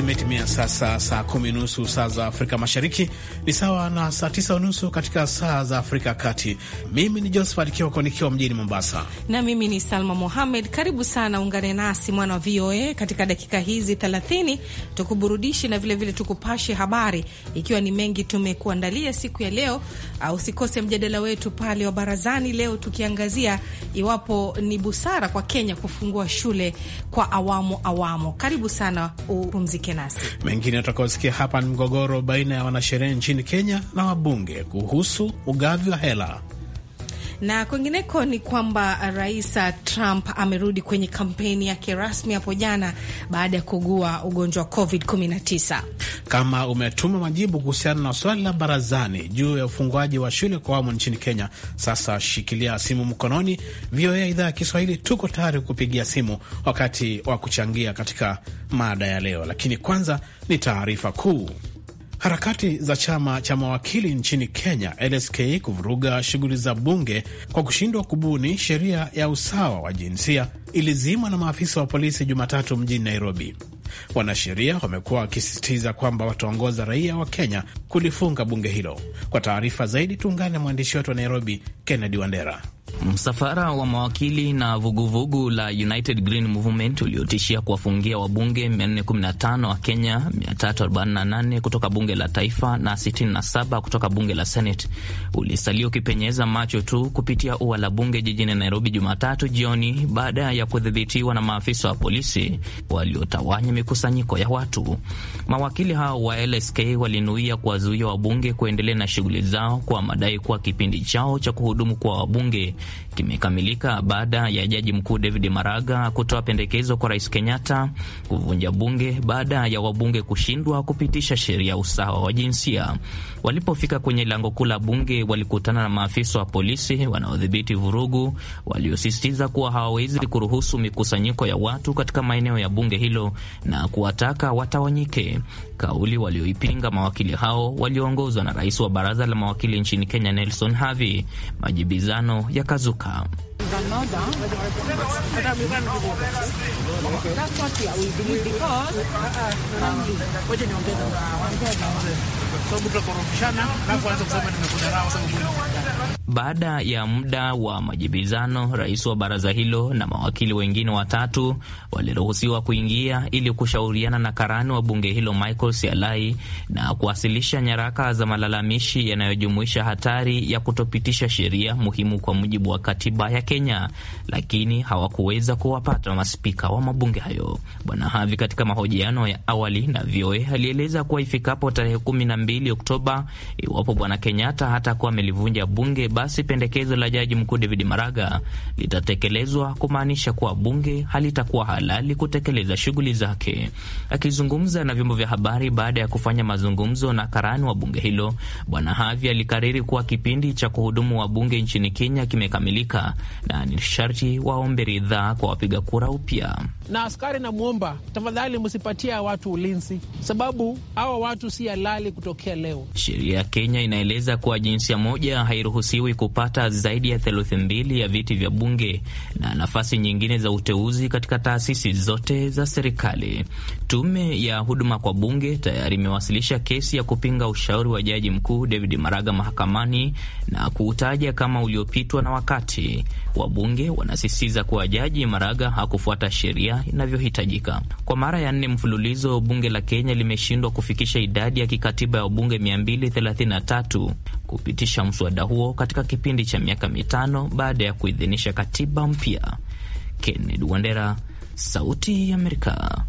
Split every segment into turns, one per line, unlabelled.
Zimetimia sasa saa kumi nusu saa za Afrika Mashariki, ni sawa na saa tisa unusu katika saa za Afrika Kati. Mimi ni Josephat Kioko nikiwa mjini Mombasa,
na mimi ni Salma Mohamed. Karibu sana, ungane nasi mwana wa VOA katika dakika hizi thelathini, tukuburudishe na vilevile tukupashe habari, ikiwa ni mengi tumekuandalia siku ya leo. Usikose mjadala wetu pale wa barazani leo, tukiangazia iwapo ni busara kwa Kenya kufungua shule kwa awamu awamu. Karibu sana, upumzike. Jiunge nasi.
Mengine utakaosikia hapa ni mgogoro baina ya wanasheria nchini Kenya na wabunge kuhusu ugavi wa hela
na kwingineko ni kwamba Rais Trump amerudi kwenye kampeni yake rasmi hapo jana baada ya kugua ugonjwa wa COVID-19.
Kama umetuma majibu kuhusiana na swali la barazani juu ya ufunguaji wa shule kwa awamu nchini Kenya, sasa shikilia simu mkononi. VOA idhaa ya Kiswahili tuko tayari kupigia simu wakati wa kuchangia katika mada ya leo, lakini kwanza ni taarifa kuu. Harakati za chama cha mawakili nchini Kenya LSK kuvuruga shughuli za bunge kwa kushindwa kubuni sheria ya usawa wa jinsia ilizimwa na maafisa wa polisi Jumatatu mjini Nairobi. Wanasheria wamekuwa wakisisitiza kwamba wataongoza raia wa Kenya kulifunga bunge hilo. Kwa taarifa zaidi, tuungane na mwandishi wetu wa Nairobi, Kennedy Wandera.
Msafara wa mawakili na vuguvugu vugu la United Green Movement uliotishia kuwafungia wabunge 415 wa Kenya, 348 kutoka bunge la taifa na 67 kutoka bunge la Senate ulisalia ukipenyeza macho tu kupitia ua la bunge jijini Nairobi Jumatatu jioni baada ya kudhibitiwa na maafisa wa polisi waliotawanya mikusanyiko ya watu. Mawakili hao wa LSK walinuia kuwazuia wabunge kuendelea na shughuli zao kwa madai kuwa kipindi chao cha kuhudumu kwa wabunge kimekamilika baada ya jaji mkuu David Maraga kutoa pendekezo kwa rais Kenyatta kuvunja bunge baada ya wabunge kushindwa kupitisha sheria usawa wa jinsia. Walipofika kwenye lango kuu la bunge, walikutana na maafisa wa polisi wanaodhibiti vurugu waliosisitiza kuwa hawawezi kuruhusu mikusanyiko ya watu katika maeneo ya bunge hilo na kuwataka watawanyike, kauli walioipinga mawakili hao walioongozwa na rais wa baraza la mawakili nchini Kenya Nelson Havi. Majibizano yakazuka
mchana, alafu aanze kusema nimekudharau sababu
baada ya muda wa majibizano, rais wa baraza hilo na mawakili wengine watatu waliruhusiwa kuingia ili kushauriana na karani wa bunge hilo Michael Sialai na kuwasilisha nyaraka za malalamishi yanayojumuisha hatari ya kutopitisha sheria muhimu kwa mujibu wa katiba ya Kenya, lakini hawakuweza kuwapata maspika wa mabunge hayo. Bwana Havi katika mahojiano ya awali na VOA alieleza kuwa ifikapo tarehe 12 Oktoba iwapo bwana Kenyatta hatakuwa amelivunja bunge, basi pendekezo la jaji mkuu David Maraga litatekelezwa, kumaanisha kuwa bunge halitakuwa halali kutekeleza shughuli zake. Akizungumza na vyombo vya habari baada ya kufanya mazungumzo na karani wa bunge hilo, bwana Havi alikariri kuwa kipindi cha kuhudumu wa bunge nchini Kenya kimekamilika na ni sharti waombe ridhaa kwa wapiga kura upya.
Na askari, namwomba tafadhali, msipatia watu ulinzi, sababu hawa watu si halali kutokea leo.
Sheria ya Kenya inaeleza kuwa jinsia moja hairuhusiwi kupata zaidi ya theluthi mbili ya viti vya bunge na nafasi nyingine za uteuzi katika taasisi zote za serikali. Tume ya huduma kwa bunge tayari imewasilisha kesi ya kupinga ushauri wa jaji mkuu David Maraga mahakamani na kuutaja kama uliopitwa na wakati. Wabunge wanasisitiza kuwa Jaji Maraga hakufuata sheria inavyohitajika. Kwa mara ya nne mfululizo, bunge la Kenya limeshindwa kufikisha idadi ya kikatiba ya wabunge 233 kupitisha mswada huo katika kipindi cha miaka mitano baada ya kuidhinisha katiba mpya. Kennedy Wandera, Sauti ya Amerika,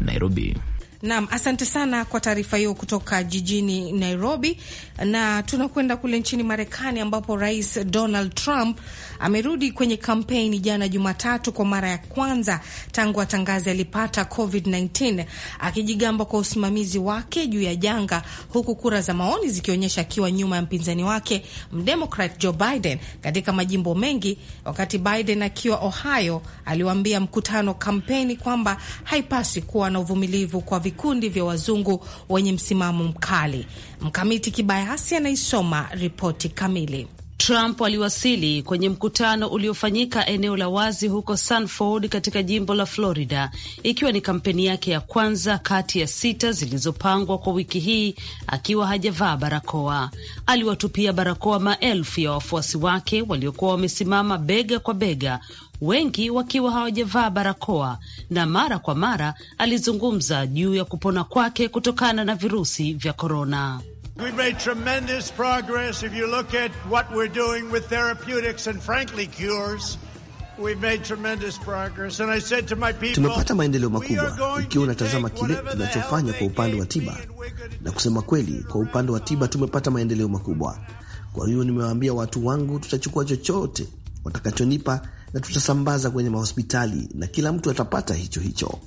Nairobi.
Naam, asante sana kwa taarifa hiyo kutoka jijini Nairobi, na tunakwenda kule nchini Marekani ambapo Rais Donald Trump amerudi kwenye kampeni jana Jumatatu kwa mara ya kwanza tangu atangaze alipata COVID-19, akijigamba kwa usimamizi wake juu ya janga, huku kura za maoni zikionyesha akiwa nyuma ya mpinzani wake mdemokrat Joe Biden katika majimbo mengi, wakati Biden akiwa Ohio aliwaambia mkutano kampeni kwamba haipasi kuwa na uvumilivu kwa vikundi vya wazungu wenye
msimamo mkali. Mkamiti Kibayasi anaisoma ripoti kamili. Trump aliwasili kwenye mkutano uliofanyika eneo la wazi huko Sanford katika jimbo la Florida, ikiwa ni kampeni yake ya kwanza kati ya sita zilizopangwa kwa wiki hii akiwa hajavaa barakoa. Aliwatupia barakoa maelfu ya wafuasi wake waliokuwa wamesimama bega kwa bega, wengi wakiwa hawajavaa barakoa, na mara kwa mara alizungumza juu ya kupona kwake kutokana na virusi vya korona.
We've made tremendous progress. If you look at what we're doing with therapeutics and frankly cures, we've made tremendous progress. And I said to my people, tumepata
maendeleo makubwa ikiwa unatazama kile tunachofanya kwa upande wa tiba. Na kusema kweli, kwa upande wa tiba tumepata maendeleo makubwa. Kwa hiyo nimewaambia watu wangu, tutachukua chochote watakachonipa na tutasambaza kwenye mahospitali na kila mtu atapata hicho hicho.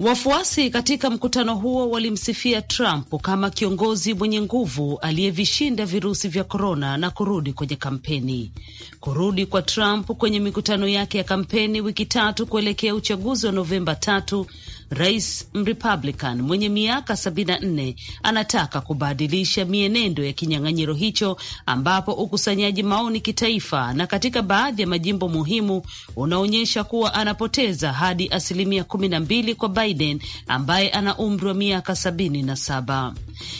Wafuasi katika mkutano huo walimsifia Trump kama kiongozi mwenye nguvu aliyevishinda virusi vya korona na kurudi kwenye kampeni. Kurudi kwa Trump kwenye mikutano yake ya kampeni wiki tatu kuelekea uchaguzi wa Novemba tatu Rais Mrepublican mwenye miaka nne anataka kubadilisha mienendo ya kinyang'anyiro hicho, ambapo ukusanyaji maoni kitaifa na katika baadhi ya majimbo muhimu unaonyesha kuwa anapoteza hadi asilimia kumi na mbili kwa Biden ambaye ana umri wa miaka sabini na saba.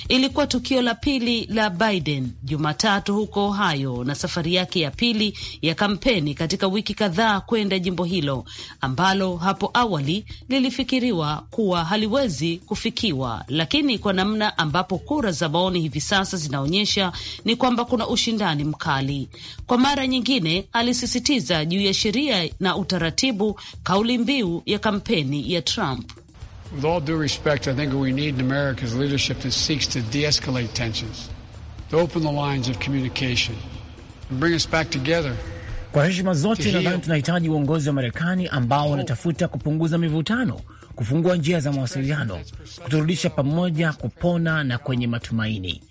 Ilikuwa tukio la pili la Biden Jumatatu huko Ohio na safari yake ya pili ya kampeni katika wiki kadhaa kwenda jimbo hilo ambalo hapo awali lilifikiriwa linadaiwa kuwa haliwezi kufikiwa, lakini kwa namna ambapo kura za maoni hivi sasa zinaonyesha ni kwamba kuna ushindani mkali. Kwa mara nyingine, alisisitiza juu ya sheria na utaratibu, kauli mbiu ya kampeni ya Trump.
With all due respect, I think we need leadership that seeks to de-escalate tensions, to open the lines of communication, and bring us back together.
Kwa heshima zote, nadhani tunahitaji uongozi wa Marekani ambao wanatafuta kupunguza mivutano kufungua njia za mawasiliano, kuturudisha pamoja, kupona na kwenye matumaini.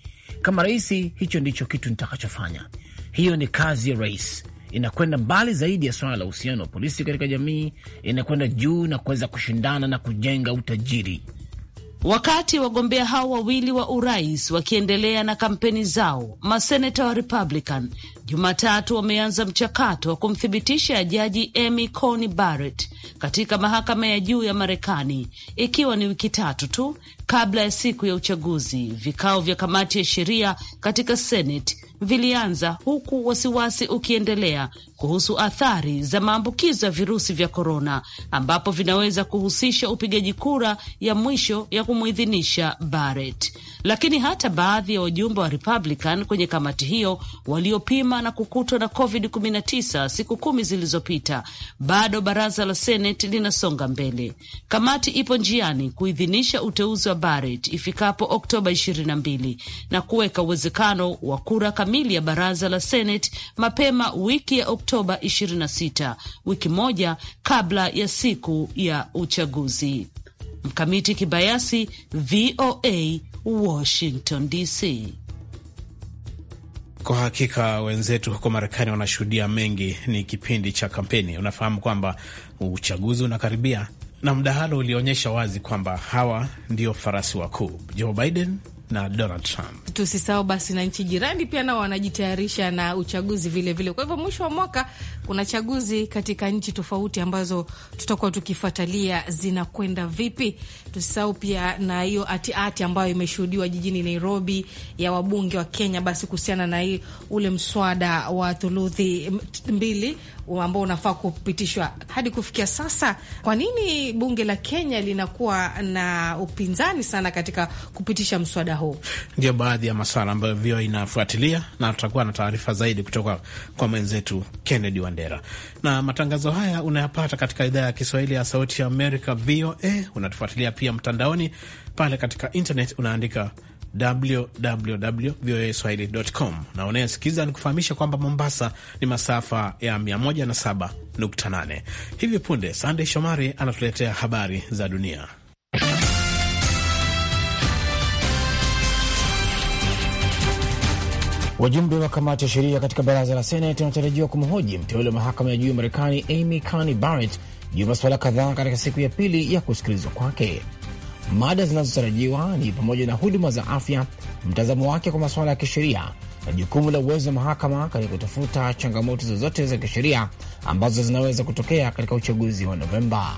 Kama rais, hicho ndicho kitu nitakachofanya. Hiyo ni kazi ya rais, inakwenda mbali zaidi ya swala la uhusiano wa polisi katika jamii, inakwenda
juu na kuweza kushindana na kujenga utajiri. Wakati wagombea hao wawili wa urais wakiendelea na kampeni zao, maseneta wa Republican Jumatatu wameanza mchakato wa kumthibitisha jaji Amy Coney Barrett katika mahakama ya juu ya Marekani, ikiwa ni wiki tatu tu kabla ya siku ya uchaguzi. Vikao vya kamati ya sheria katika Senate vilianza huku wasiwasi ukiendelea kuhusu athari za maambukizo ya virusi vya korona, ambapo vinaweza kuhusisha upigaji kura ya mwisho ya kumwidhinisha Barrett. Lakini hata baadhi ya wajumbe wa Republican kwenye kamati hiyo waliopima na kukutwa na COVID-19 siku kumi zilizopita, bado baraza la Senate linasonga mbele. Kamati ipo njiani kuidhinisha uteuzi wa Barrett ifikapo Oktoba 22 na kuweka uwezekano wa kura kamili ya baraza la Seneti mapema wiki ya Oktoba 26, wiki moja kabla ya siku ya uchaguzi. Mkamiti Kibayasi, VOA, Washington DC.
Kwa hakika wenzetu huko Marekani wanashuhudia mengi. Ni kipindi cha kampeni, unafahamu kwamba uchaguzi unakaribia, na mdahalo ulionyesha wazi kwamba hawa ndio farasi wakuu, Joe Biden na Donald Trump.
Tusisahau basi na nchi jirani pia nao wanajitayarisha na uchaguzi vilevile vile. Kwa hivyo mwisho wa mwaka kuna chaguzi katika nchi tofauti ambazo tutakuwa tukifuatilia zinakwenda vipi. Tusisahau pia na hiyo ati ambayo imeshuhudiwa jijini Nairobi ya wabunge wa Kenya, basi kuhusiana na hii ule mswada wa thuluthi mbili ambao unafaa kupitishwa hadi kufikia sasa. Kwa nini bunge la Kenya linakuwa na upinzani sana katika kupitisha mswada huu.
Ndio baadhi ya maswala ambayo vio inafuatilia, na tutakuwa na taarifa zaidi kutoka kwa mwenzetu Kennedy Wandera. Na matangazo haya unayapata katika idhaa ya Kiswahili ya Sauti ya Amerika, VOA. Unatufuatilia pia mtandaoni pale katika internet, unaandika www.voaswahili.com na unayesikiza ni kufahamisha kwamba Mombasa ni masafa ya 107.8. Hivi punde Sandey Shomari anatuletea habari za dunia.
Wajumbe wa kamati ya sheria katika baraza la Senate wanatarajiwa kumhoji mteule wa mahakama ya juu ya Marekani Amy Coney Barrett juu ya masuala kadhaa katika siku ya pili ya kusikilizwa kwake. Mada zinazotarajiwa ni pamoja na huduma za afya, mtazamo wake kwa masuala ya kisheria na jukumu la uwezo wa mahakama katika kutafuta changamoto zozote za kisheria ambazo zinaweza kutokea katika uchaguzi wa Novemba.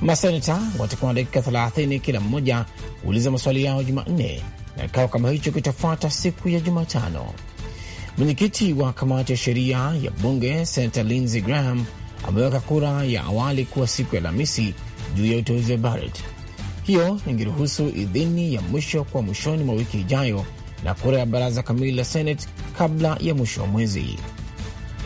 Maseneta watakuwa na dakika 30 kila mmoja kuuliza maswali yao Jumanne na kikao kama hicho kitafuata siku ya Jumatano. Mwenyekiti wa kamati ya sheria ya bunge Senator Lindsey Graham ameweka kura ya awali kuwa siku ya Alhamisi juu ya uteuzi wa Barrett. Hiyo ingeruhusu idhini ya mwisho kwa mwishoni mwa wiki ijayo na kura ya baraza kamili la Senate kabla ya mwisho wa mwezi.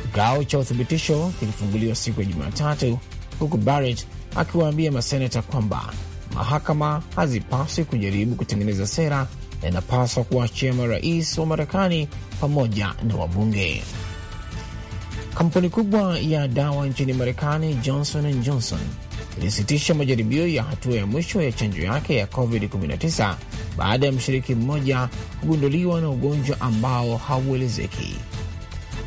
Kikao cha uthibitisho kilifunguliwa siku ya Jumatatu, huku Barrett akiwaambia maseneta kwamba mahakama hazipaswi kujaribu kutengeneza sera na e, inapaswa kuwaachia marais wa Marekani pamoja na wabunge. Kampuni kubwa ya dawa nchini Marekani, Johnson and Johnson, ilisitisha majaribio ya hatua ya mwisho ya chanjo yake ya COVID-19 baada ya mshiriki mmoja kugunduliwa na ugonjwa ambao hauelezeki.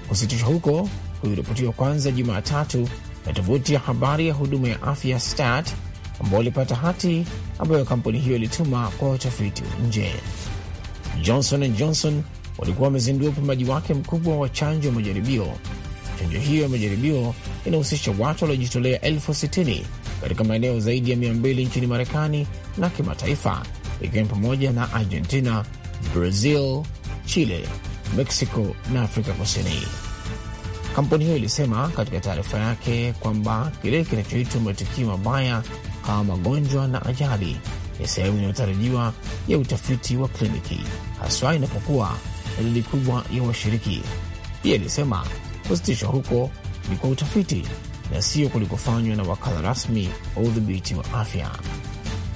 Kusitishwa huko kuliripotiwa kwanza Jumatatu na tovuti ya habari ya huduma ya afya STAT ambao walipata hati ambayo kampuni hiyo ilituma kwa utafiti nje. Johnson and Johnson walikuwa wamezindua upimaji wake mkubwa wa chanjo ya majaribio. Chanjo hiyo ya majaribio inahusisha watu waliojitolea elfu sitini katika maeneo zaidi ya 200 nchini Marekani na kimataifa, ikiwa ni pamoja na Argentina, Brazil, Chile, Mexico na Afrika Kusini. Kampuni hiyo ilisema katika taarifa yake kwamba kile kinachoitwa matukio mabaya kama magonjwa na ajali ni sehemu inayotarajiwa ya utafiti wa kliniki, haswa inapokuwa dalili idadi kubwa ya washiriki. Pia ilisema kusitishwa huko ni kwa utafiti na sio kulikofanywa na wakala rasmi wa udhibiti wa afya.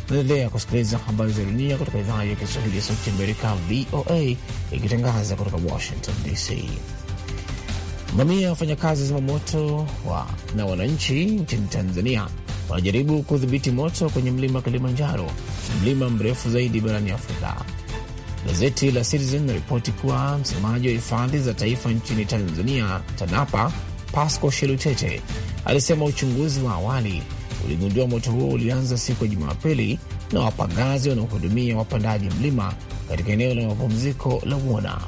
Naendelea kusikiliza habari za dunia kutoka idhaa ya Kiswahili ya Sauti Amerika, VOA, ikitangaza kutoka Washington DC. Mamia ya wafanyakazi zimamoto wa na wananchi nchini Tanzania wanajaribu kudhibiti moto kwenye mlima Kilimanjaro, mlima mrefu zaidi barani Afrika. Gazeti la Citizen naripoti kuwa msemaji wa hifadhi za taifa nchini Tanzania, TANAPA, Pasco Shelutete alisema uchunguzi wa awali uligundua moto huo ulianza siku ya Jumapili na wapagazi wanaohudumia wapandaji mlima katika eneo la mapumziko la Uona.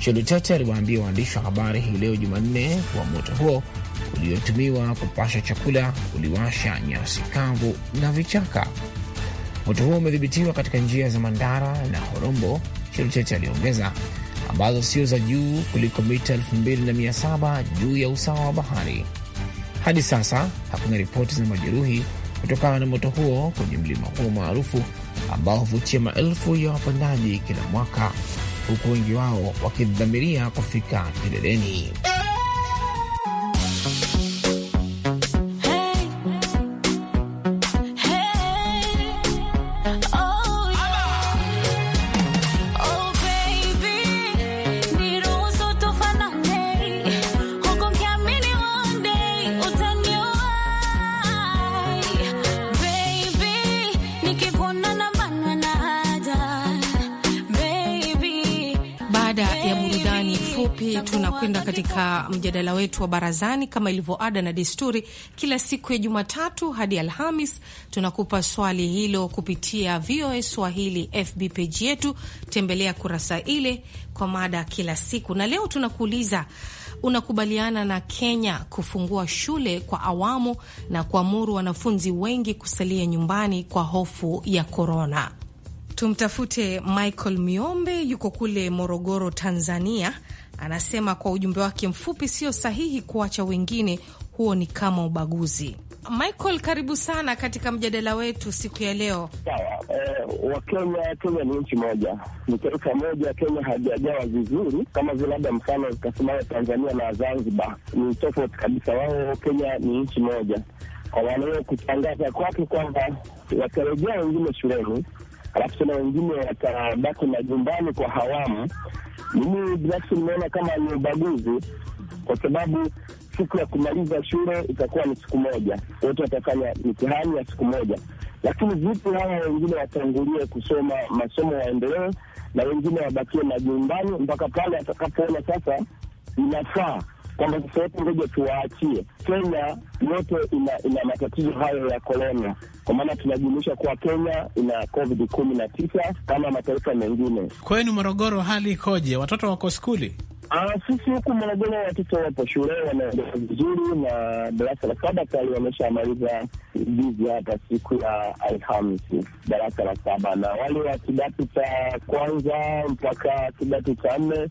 Shelutete aliwaambia waandishi wa habari hii leo Jumanne kuwa moto huo uliotumiwa kupasha chakula uliwasha nyasi kavu na vichaka. Moto huo umedhibitiwa katika njia za Mandara na Horombo, Cheruchete aliongeza, ambazo sio za juu kuliko mita 2700 juu ya usawa wa bahari. Hadi sasa hakuna ripoti za majeruhi kutokana na moto huo kwenye mlima huo maarufu ambao huvutia maelfu ya wapandaji kila mwaka, huku wengi wao wakidhamiria kufika kileleni.
katika mjadala wetu wa barazani. Kama ilivyo ada na desturi, kila siku ya Jumatatu hadi Alhamis tunakupa swali hilo kupitia VOA Swahili FB page yetu. Tembelea kurasa ile kwa mada kila siku, na leo tunakuuliza unakubaliana na Kenya kufungua shule kwa awamu na kuamuru wanafunzi wengi kusalia nyumbani kwa hofu ya korona? Tumtafute Michael Miombe, yuko kule Morogoro, Tanzania anasema kwa ujumbe wake mfupi, sio sahihi kuacha wengine, huo ni kama ubaguzi. Michael, karibu sana katika mjadala wetu siku ya leo.
Sawa, eh, Wakenya, Kenya ni nchi moja, ni taifa moja. Kenya hajajawa vizuri kama vile labda mfano zikasimama Tanzania na Zanzibar, ni tofauti kabisa. Wao Kenya ni nchi moja, kwa maana hiyo kutangaza kwake kwamba watarejea wengine shuleni, alafu tena wengine watabaki majumbani kwa hawamu mimi binafsi nimeona kama ni ubaguzi, kwa sababu siku ya kumaliza shule itakuwa ni siku moja, wote watafanya mitihani ya siku moja, lakini vipi hawa wengine watangulie kusoma masomo waendelee, na wengine wabakie majumbani mpaka pale atakapoona sasa inafaa kwamba sasa hivi ngoja tuwaachie. Kenya yote ina, ina matatizo hayo ya korona, kwa maana tunajumuisha kuwa Kenya ina covid kumi na tisa kama mataifa mengine. Kwenu
Morogoro hali ikoje? Watoto wako skuli?
Ah, sisi huku Morogoro watoto wapo shule, wanaendelea vizuri na darasa la saba tayari wameshamaliza juzi hapa siku ya Alhamisi, darasa la saba, na wale wa kidato cha kwanza mpaka kidato cha nne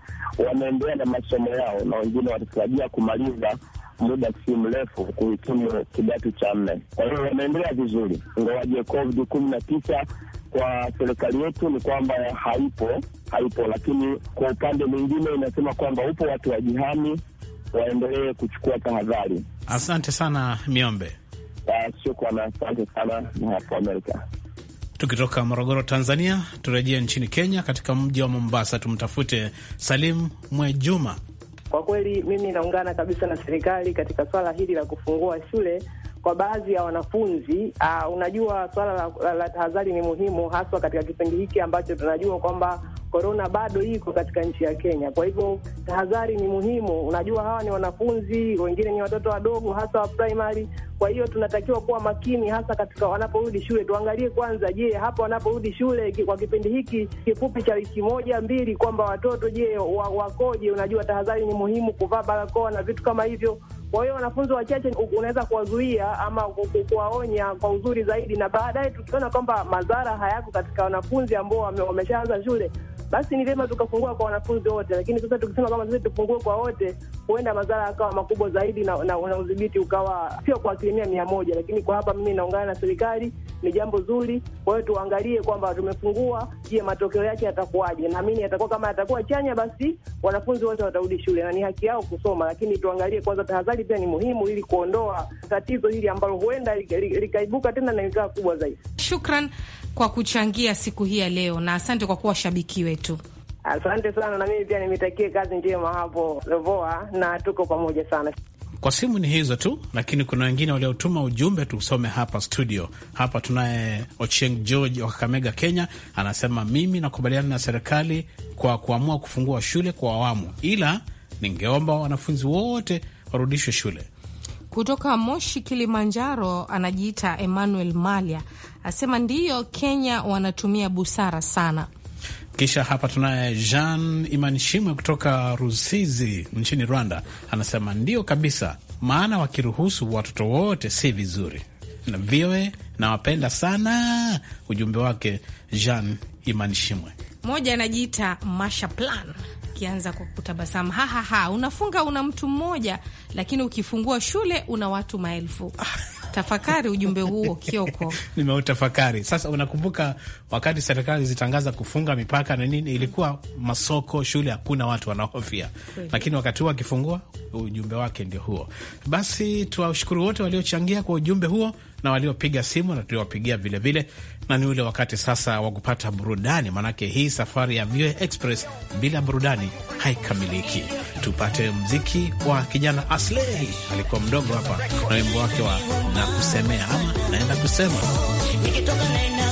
wanaendelea na masomo yao, na wengine watatarajia kumaliza muda si mrefu kuhitimu kidato cha nne. Kwa hiyo wanaendelea vizuri, ingawaje COVID kumi na tisa kwa serikali yetu ni kwamba haipo, haipo. Lakini kwa upande mwingine inasema kwamba upo watu wajihami, waendelee kuchukua tahadhari.
Asante sana Miombe.
Ah, Shukrani, asante sana ni hapo Amerika.
Tukitoka Morogoro, Tanzania, turejea nchini Kenya, katika mji wa Mombasa, tumtafute Salim Mwejuma.
Kwa kweli mimi naungana kabisa na serikali katika swala hili la kufungua shule kwa baadhi ya wanafunzi uh, unajua swala la, la, la tahadhari ni muhimu haswa katika kipindi hiki ambacho tunajua kwamba korona bado iko katika nchi ya Kenya. Kwa hivyo tahadhari ni muhimu. Unajua, hawa ni wanafunzi, wengine ni watoto wadogo, hasa wa primary. Kwa hiyo tunatakiwa kuwa makini, hasa katika wanaporudi shule. Tuangalie kwanza, je, hapa wanaporudi shule kwa kipindi hiki kifupi cha wiki moja mbili, kwamba watoto je, wakoje? Unajua, tahadhari ni muhimu, kuvaa barakoa na vitu kama hivyo. Kwa hiyo wanafunzi wachache unaweza kuwazuia ama kuwaonya kwa uzuri zaidi, na baadaye tukiona kwamba madhara hayako katika wanafunzi ambao wameshaanza shule, basi ni vyema tukafungua kwa wanafunzi wote, lakini sasa tukisema kama sisi tufungue kwa wote, huenda madhara yakawa makubwa zaidi na, na, na udhibiti ukawa sio kwa asilimia mia moja. Lakini kwa hapa mimi naungana na serikali, ni jambo zuri. Kwa hiyo tuangalie kwamba tumefungua, je, matokeo yake yatakuwaje? Naamini yatakuwa kama yatakuwa chanya, basi wanafunzi wote watarudi shule na ni haki yao kusoma, lakini tuangalie kwanza, tahadhari pia ni muhimu ili kuondoa tatizo hili ambalo huenda likaibuka
li, li, li, tena na likawa kubwa zaidi. Shukran kwa kuchangia siku hii ya leo, na asante kwa kuwa shabiki wetu.
Asante sana, na mimi pia nimetakie kazi njema hapo Lovoa, na tuko pamoja sana.
Kwa simu ni hizo tu, lakini kuna wengine waliotuma ujumbe tusome hapa studio. Hapa tunaye Ocheng George wa Kakamega, Kenya, anasema mimi nakubaliana na serikali kwa kuamua kufungua shule kwa awamu, ila ningeomba wanafunzi wote warudishwe shule.
Kutoka Moshi, Kilimanjaro, anajiita Emmanuel Malia asema ndiyo, Kenya wanatumia busara sana.
Kisha hapa tunaye Jean Imanishimwe kutoka Rusizi nchini Rwanda, anasema ndio kabisa, maana wakiruhusu watoto wote si vizuri. Na vyoe nawapenda sana. Ujumbe wake Jean Imanishimwe.
Mmoja anajiita Masha Plan kianza kwa kutabasamu, hahaha, unafunga una mtu mmoja, lakini ukifungua shule una watu maelfu Tafakari ujumbe huo Kioko.
Nimeutafakari sasa. Unakumbuka wakati serikali zitangaza kufunga mipaka na nini, ilikuwa masoko, shule, hakuna watu wanaofia, lakini wakati huo akifungua, ujumbe wake ndio huo. Basi tuwashukuru wote waliochangia kwa ujumbe huo na waliopiga simu na tuliwapigia vilevile, na ni ule wakati sasa wa kupata burudani, maanake hii safari ya VOA Express bila burudani haikamiliki. Tupate mziki wa kijana Aslei, alikuwa mdogo hapa na wimbo wake wa nakusemea ama naenda kusema
nikitoka naenda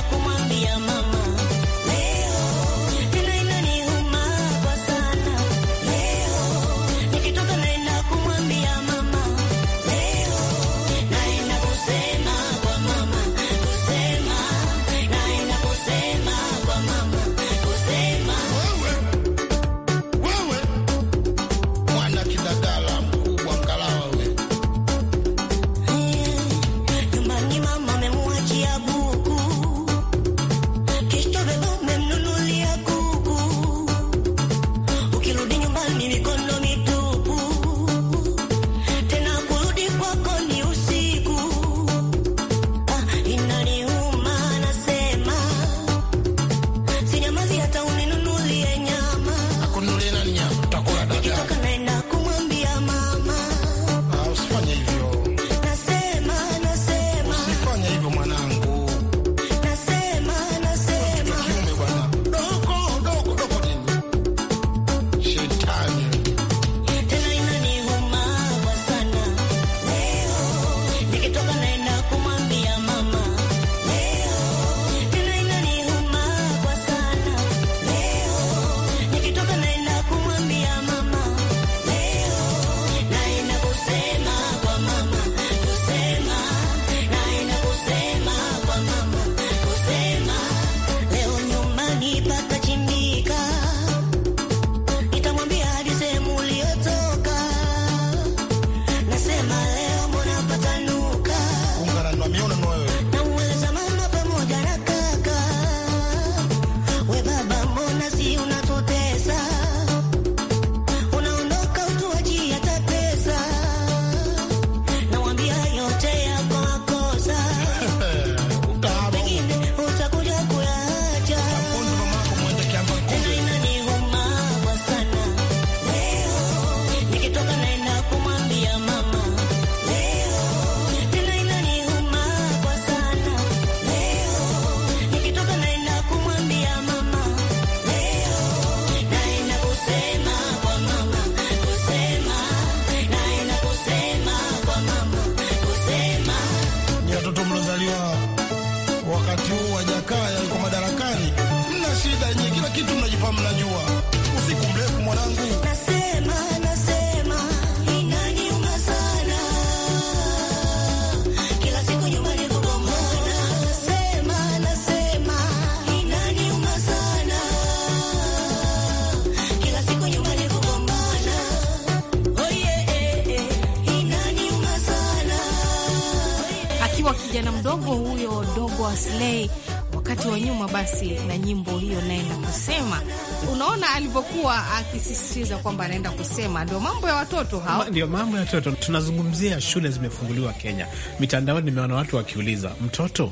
amekuwa akisisitiza kwamba anaenda kusema ndio mambo ya watoto hao,
ndio mambo ya watoto tunazungumzia. Shule zimefunguliwa Kenya, mitandaoni nimeona watu wakiuliza mtoto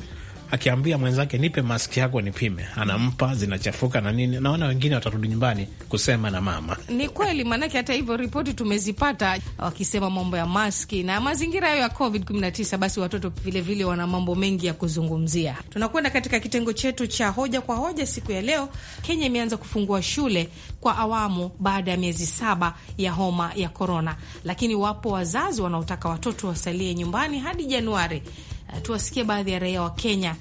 akiambia mwenzake nipe maski yako nipime, anampa zinachafuka na nini. Naona wengine watarudi nyumbani kusema na mama.
Ni kweli, maanake hata hivyo ripoti tumezipata wakisema mambo ya maski na mazingira hayo ya Covid 19. Basi watoto vilevile wana mambo mengi ya kuzungumzia. Tunakwenda katika kitengo chetu cha hoja kwa hoja siku ya leo. Kenya imeanza kufungua shule kwa awamu baada ya miezi saba ya homa ya korona, lakini wapo wazazi wanaotaka watoto wasalie nyumbani hadi Januari. Eh, tuwasikie baadhi ya raia wa Kenya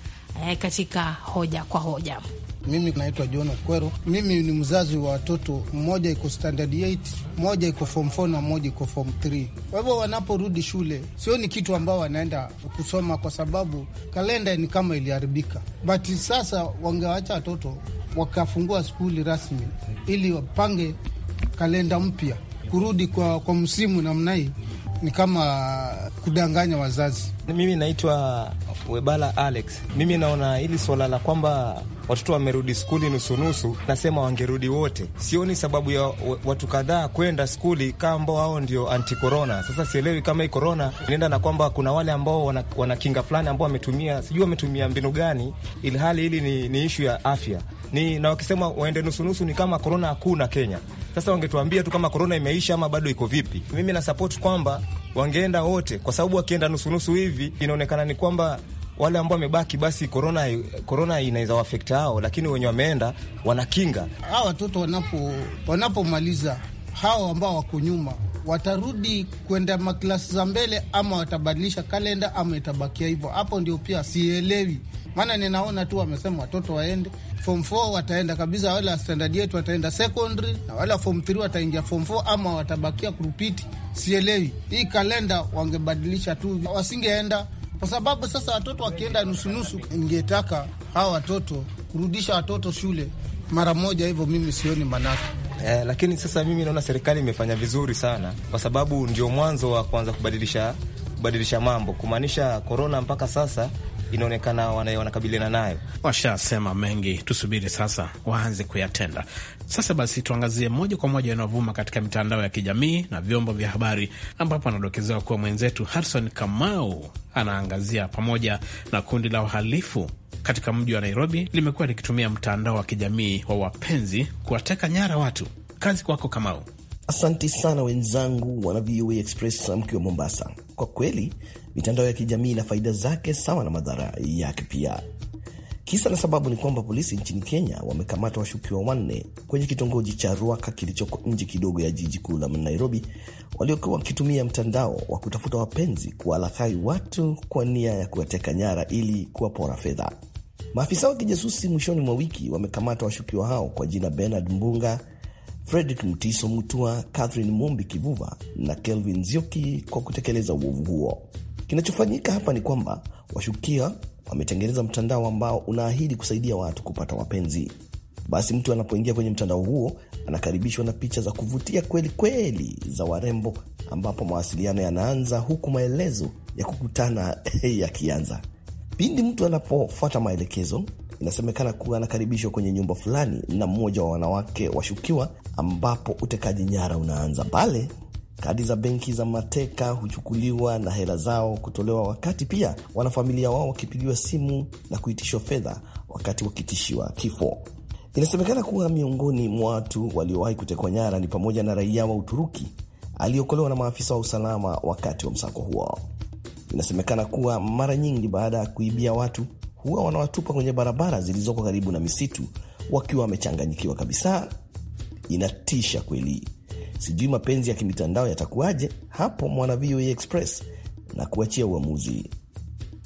eh, katika hoja kwa hoja.
Mimi naitwa Jona Kwero, Mimi ni mzazi wa watoto, mmoja iko standard 8, moja iko form 4 na mmoja iko form 3. Kwa hivyo wanaporudi shule, sio ni kitu ambao wanaenda kusoma, kwa sababu kalenda ni kama iliharibika. But sasa wangewacha watoto wakafungua skuli rasmi, ili wapange kalenda mpya kurudi kwa, kwa msimu namna hii ni kama kudanganya wazazi. Mimi naitwa Webala Alex. Mimi naona hili swala la kwamba watoto wamerudi skuli nusunusu, nasema wangerudi wote. Sioni sababu ya watu kadhaa kwenda skuli kama ao ndio anti korona. Sasa sielewi kama hii korona inaenda na kwamba kuna wale ambao wana, wana kinga fulani ambao wametumia, sijui wametumia mbinu gani, ilhali hili ni, ni ishu ya afya ni na wakisema waende nusunusu ni kama korona hakuna Kenya. Sasa wangetuambia tu kama korona imeisha ama bado iko vipi. Mimi na support kwamba wangeenda wote, kwa sababu wakienda nusunusu hivi inaonekana ni kwamba wale ambao wamebaki basi korona korona inaweza waafekti hao, lakini wenye wameenda wanakinga hawa watoto wanapo wanapomaliza hao ambao wako nyuma watarudi kwenda maklasi za mbele ama watabadilisha kalenda ama itabakia hivyo. Hapo ndio pia sielewi maana ninaona tu wamesema watoto waende form 4 wataenda kabisa, wala standard yetu wataenda secondary, na wala form 3 wataingia form 4 ama watabakia kurupiti. Sielewi hii kalenda, wangebadilisha tu, wasingeenda kwa sababu sasa watoto wakienda nusunusu, ningetaka hawa watoto kurudisha watoto shule mara moja, hivyo mimi sioni manake Eh, lakini sasa mimi naona serikali imefanya vizuri sana kwa sababu ndio mwanzo wa kuanza kubadilisha kubadilisha mambo, kumaanisha korona mpaka sasa inaonekana wanakabiliana nayo. Washasema mengi, tusubiri sasa waanze
kuyatenda. Sasa basi, tuangazie moja kwa moja yanayovuma katika mitandao ya kijamii na vyombo vya habari, ambapo anadokezewa kuwa mwenzetu Harison Kamau anaangazia pamoja na kundi la uhalifu katika mji wa Nairobi limekuwa likitumia mtandao wa kijamii wa wapenzi kuwateka nyara watu. Kazi kwako Kamau.
Asante sana wenzangu wana VOA Express mkiwa Mombasa. Kwa kweli mitandao ya kijamii ina faida zake sawa na madhara yake pia. Kisa na sababu ni kwamba polisi nchini Kenya wamekamata washukiwa wanne kwenye kitongoji cha Ruaka kilichoko nje kidogo ya jiji kuu la Nairobi, waliokuwa wakitumia mtandao wa kutafuta wapenzi kuwalaghai watu kwa nia ya kuwateka nyara ili kuwapora fedha. Maafisa wa kijasusi mwishoni mwa wiki wamekamata washukiwa hao kwa jina Bernard Mbunga Fredrick Mtiso Mutua, Catherine Mumbi Kivuva na Kelvin Zioki kwa kutekeleza uovu huo. Kinachofanyika hapa ni kwamba washukia wametengeneza mtandao ambao unaahidi kusaidia watu kupata wapenzi. Basi mtu anapoingia kwenye mtandao huo anakaribishwa na picha za kuvutia kweli kweli za warembo, ambapo mawasiliano yanaanza huku maelezo ya kukutana yakianza. Pindi mtu anapofuata maelekezo Inasemekana kuwa anakaribishwa kwenye nyumba fulani na mmoja wa wanawake washukiwa, ambapo utekaji nyara unaanza pale. Kadi za benki za mateka huchukuliwa na hela zao kutolewa, wakati pia wanafamilia wao wakipigiwa simu na kuitishwa fedha wakati wakitishiwa kifo. Inasemekana kuwa miongoni mwa watu waliowahi kutekwa nyara ni pamoja na raia wa Uturuki aliyeokolewa na maafisa wa usalama wakati wa msako huo. Inasemekana kuwa mara nyingi baada ya kuibia watu huwa wanawatupa kwenye barabara zilizoko karibu na misitu wakiwa wamechanganyikiwa kabisa. Inatisha kweli. Sijui mapenzi ya kimitandao yatakuwaje hapo, mwana VOA e Express na kuachia uamuzi.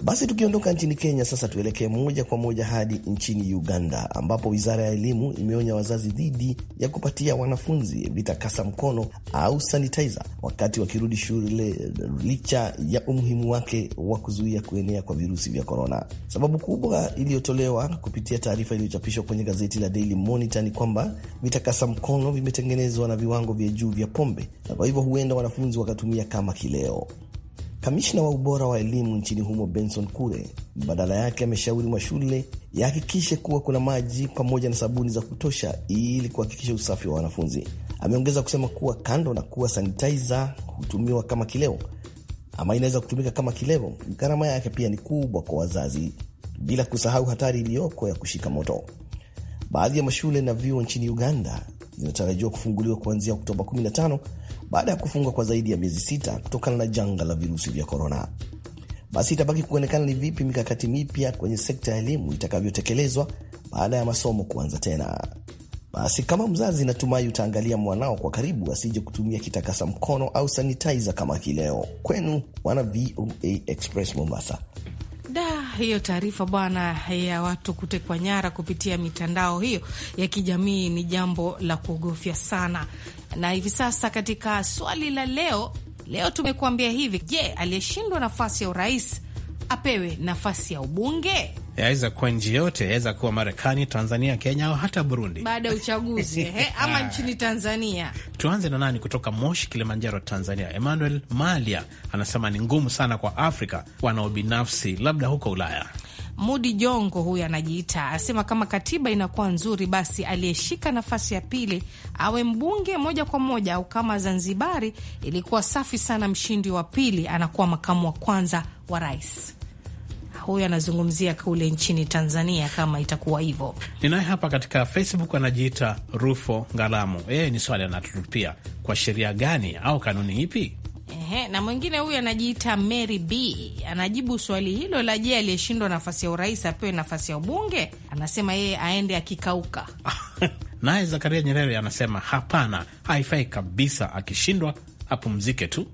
Basi tukiondoka nchini Kenya sasa, tuelekee moja kwa moja hadi nchini Uganda, ambapo wizara ya elimu imeonya wazazi dhidi ya kupatia wanafunzi vitakasa mkono au sanitizer wakati wakirudi shule licha ya umuhimu wake wa kuzuia kuenea kwa virusi vya korona. Sababu kubwa iliyotolewa kupitia taarifa iliyochapishwa kwenye gazeti la Daily Monitor ni kwamba vitakasa mkono vimetengenezwa na viwango vya juu vya pombe, na kwa hivyo huenda wanafunzi wakatumia kama kileo. Kamishna wa ubora wa elimu nchini humo Benson Kure badala yake ameshauri mashule yahakikishe kuwa kuna maji pamoja na sabuni za kutosha ili kuhakikisha usafi wa wanafunzi. Ameongeza kusema kuwa kando na kuwa sanitizer hutumiwa kama kileo ama inaweza kutumika kama kileo, gharama yake pia ni kubwa kwa wazazi, bila kusahau hatari iliyoko ya kushika moto. Baadhi ya mashule na vyuo nchini Uganda zinatarajiwa kufunguliwa kuanzia Oktoba 15 baada ya kufungwa kwa zaidi ya miezi sita kutokana na janga la virusi vya korona. Basi itabaki kuonekana ni vipi mikakati mipya kwenye sekta ya elimu itakavyotekelezwa baada ya masomo kuanza tena. Basi kama mzazi, natumai utaangalia mwanao kwa karibu asije kutumia kitakasa mkono au sanitizer kama kileo. Kwenu wana VOA Express Mombasa.
Da, hiyo taarifa bwana ya watu kutekwa nyara kupitia mitandao hiyo ya kijamii ni jambo la kuogofya sana. Na hivi sasa katika swali la leo, leo tumekuambia hivi, je, aliyeshindwa nafasi ya urais apewe nafasi ya ubunge?
Yaweza kuwa nchi yote, yaweza kuwa Marekani, Tanzania, Kenya au hata Burundi
baada ya uchaguzi he, ama nchini Tanzania.
Tuanze na nani kutoka Moshi, Kilimanjaro, Tanzania. Emmanuel Malia anasema ni ngumu sana kwa Afrika wanaobinafsi, labda huko Ulaya.
Mudi Jongo huyu anajiita, asema kama katiba inakuwa nzuri, basi aliyeshika nafasi ya pili awe mbunge moja kwa moja, au kama Zanzibari ilikuwa safi sana, mshindi wa pili anakuwa makamu wa kwanza wa rais. Huyu anazungumzia kule nchini Tanzania kama itakuwa hivyo.
Ninaye hapa katika Facebook anajiita Rufo Ngalamu, yeye ni swali anatutupia, kwa sheria gani au kanuni ipi
Ehe, na mwingine huyu anajiita Mary B anajibu swali hilo la je, aliyeshindwa nafasi ya urais apewe nafasi ya ubunge? Anasema yeye aende akikauka.
Naye Zakaria Nyerere anasema hapana, haifai kabisa, akishindwa apumzike tu.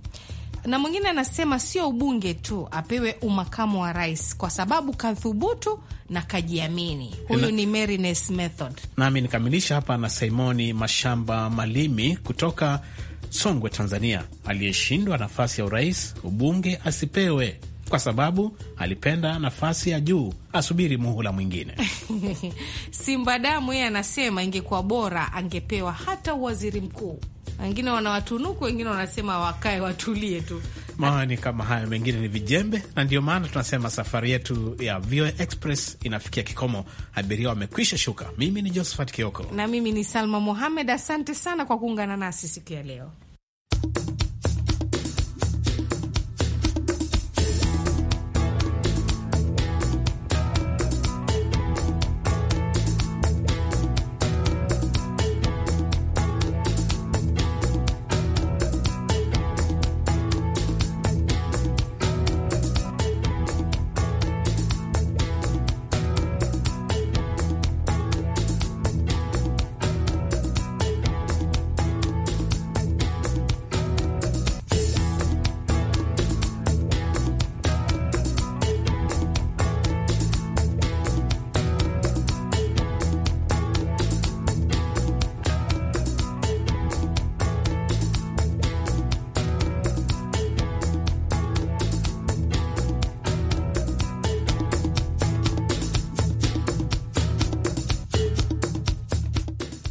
Na mwingine anasema sio ubunge tu, apewe umakamu wa rais kwa sababu kathubutu na kajiamini. Huyu ni Merines Method.
Nami nikamilisha hapa na Simoni Mashamba Malimi kutoka Songwe, Tanzania, aliyeshindwa nafasi ya urais, ubunge asipewe kwa sababu alipenda nafasi ya juu, asubiri muhula mwingine.
Simba damu yeye anasema ingekuwa bora angepewa hata uwaziri mkuu wengine wanawatunuku, wengine wanasema wakae watulie tu.
ni kama hayo mengine ni vijembe, na ndio maana tunasema safari yetu ya VOA Express inafikia kikomo. Abiria wamekwisha shuka. Mimi ni Josephat Kioko
na mimi ni Salma Mohamed. Asante sana kwa kuungana nasi siku ya leo.